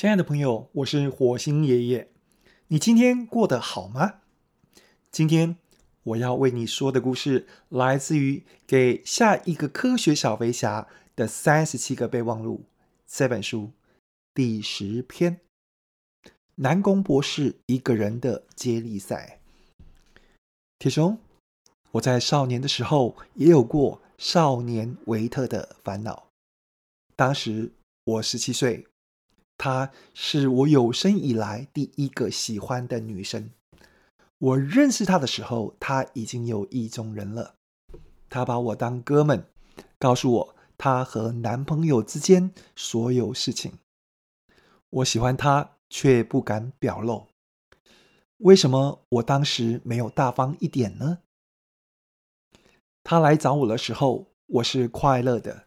親愛的朋友，我是火星爺爺。你今天過得好嗎？今天我要為你說的故事來自於《給下一個科學小飛俠的三十七個備忘錄》這本書第十篇《南宮博士一個人的接力賽》。鐵雄，我在少年的時候也有過少年維特的煩惱。當時我十七歲。她是我有生以來第一個喜歡的女生。我認識她的時候，她已經有意中人了。她把我當哥們，告訴我她和男朋友之間所有事情。我喜歡她，卻不敢表露。為什麼我當時沒有大方一點呢？她來找我的時候，我是快樂的。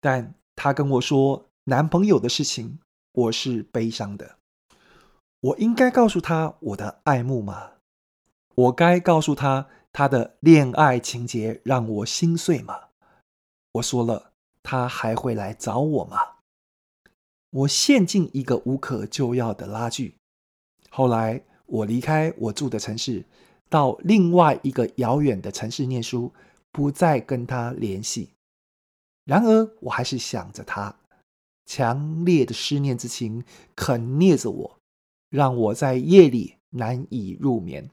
但她跟我說男朋友的事情，我是悲傷的。我應該告訴他我的愛慕嗎？我該告訴他他的戀愛情節讓我心碎嗎？我說了，他還會來找我嗎？我陷進一個無可救藥的拉鋸。後來，我離開我住的城市，到另外一個遙遠的城市念書，不再跟他聯繫。然而，我還是想着他。強烈的思念之情啃嚙着我，讓我在夜裡難以入眠。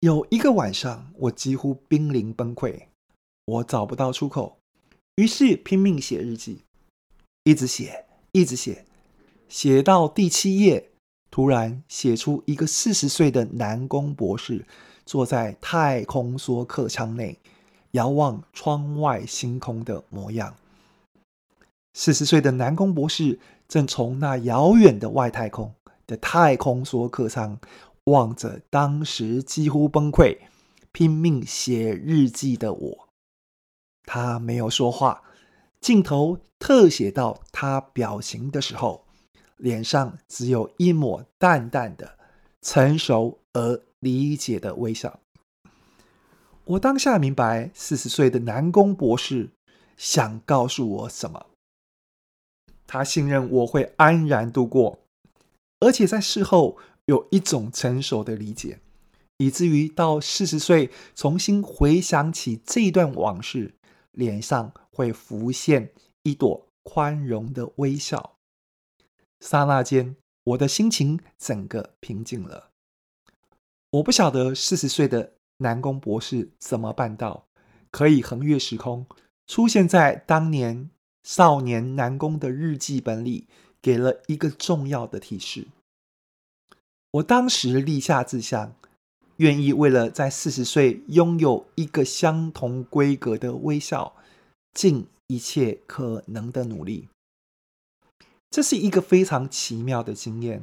有一個晚上，我幾乎瀕臨崩潰，我找不到出口，於是拼命寫日記，一直寫，一直寫，寫到第七頁，突然寫出一個四十歲的南宮博士坐在太空梭客艙內，遙望窗外星空的模樣。四十歲的南宮博士正從那遙遠的外太空的太空梭客艙望着當時幾乎崩潰、拼命寫日記的我，他沒有說話。鏡頭特寫到他表情的時候，臉上只有一抹淡淡的、成熟而理解的微笑。我當下明白，四十歲的南宮博士想告訴我什麼。他信任我會安然度過，而且在事後有一種成熟的理解，以至於到四十歲重新回想起這段往事，臉上會浮現一朵寬容的微笑。剎那間，我的心情整個平靜了。我不曉得四十歲的南宮博士怎麼辦到，可以橫越時空，出現在當年。少年南宮的日記本裡給了一個重要的提示。我當時立下志向，願意為了在四十歲擁有一個相同規格的微笑，盡一切可能的努力。這是一個非常奇妙的經驗。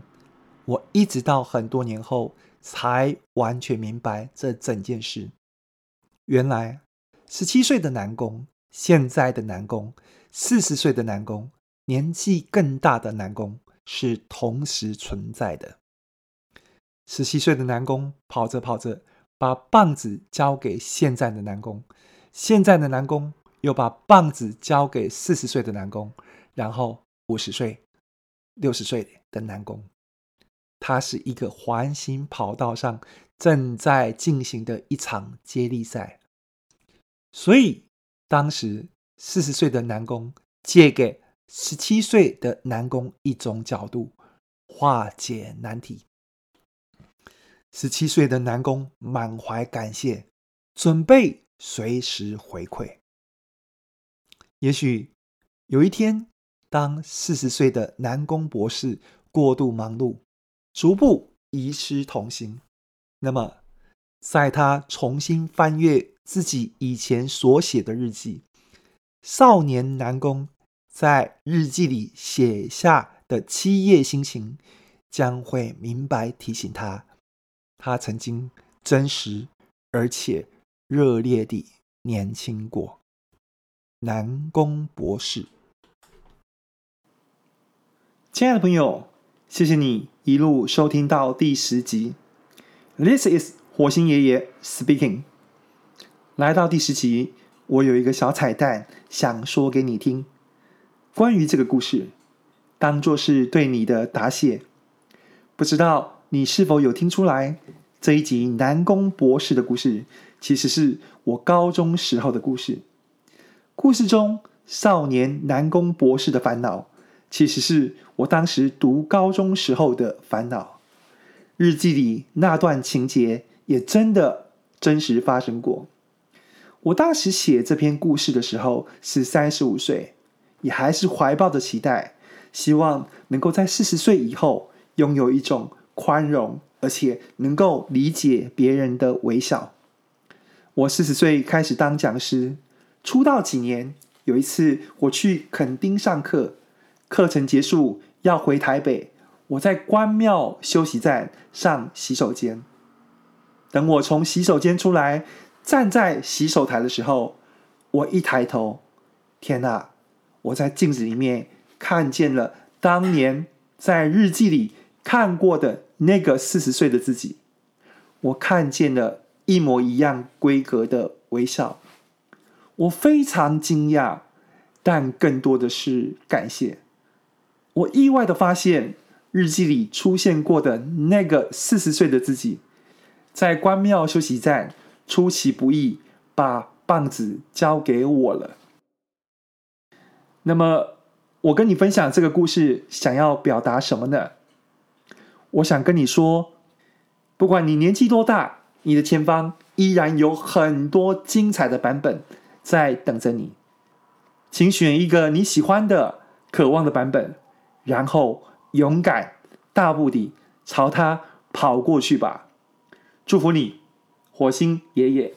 我一直到很多年後才完全明白這整件事。原來十七歲的南宮，現在的南宮。四十歲的南宮，年紀更大的南宮是同時存在的。十七歲的南宮跑着跑着，把棒子交給現在的南宮。現在的南宮又把棒子交給四十歲的南宮，然後五十歲、六十歲的南宮。他是一個環形跑道上正在進行的一場接力賽，所以當時。四十歲的南宮借給十七歲的南宮一種角度化解難題。十七歲的南宮滿懷感謝，準備隨時回饋。也許有一天，當四十歲的南宮博士過度忙碌，逐步遺失同行，那麼在他重新翻閱自己以前所寫的日記。少年南宮在日記裡寫下的七夜心情，將會明白提醒他，他曾經真實而且熱烈地年輕過。南宮博士，親愛的朋友，謝謝你一路收聽到第十集。This is 火星爺爺 speaking。來到第十集。我有一個小彩蛋想說給你聽，關於這個故事，當作是對你的答謝。不知道你是否有聽出來，這一集南宮博士的故事，其實是我高中時候的故事。故事中少年南宮博士的煩惱，其實是我當時讀高中時候的煩惱。日記裡那段情節也真的真實發生過。我當時寫這篇故事的時候是三十五歲，也還是懷抱著期待，希望能夠在四十歲以後擁有一種寬容，而且能夠理解別人的微笑。我四十歲開始當講師，出道幾年，有一次我去墾丁上課，課程結束要回台北，我在關廟休息站上洗手間，等我從洗手間出來。站在洗手台的時候，我一抬頭，天哪！我在鏡子裡面看見了當年在日記裡看過的那個四十歲的自己，我看見了一模一樣規格的微笑，我非常驚訝，但更多的是感謝。我意外的發現，日記裡出現過的那個四十歲的自己，在關廟休息站。出其不意，把棒子交給我了。那麼，我跟你分享這個故事，想要表達什麼呢？我想跟你說，不管你年紀多大，你的前方依然有很多精彩的版本在等着你。請選一個你喜歡的、渴望的版本，然後勇敢大步地朝它跑過去吧。祝福你。火星爺爺。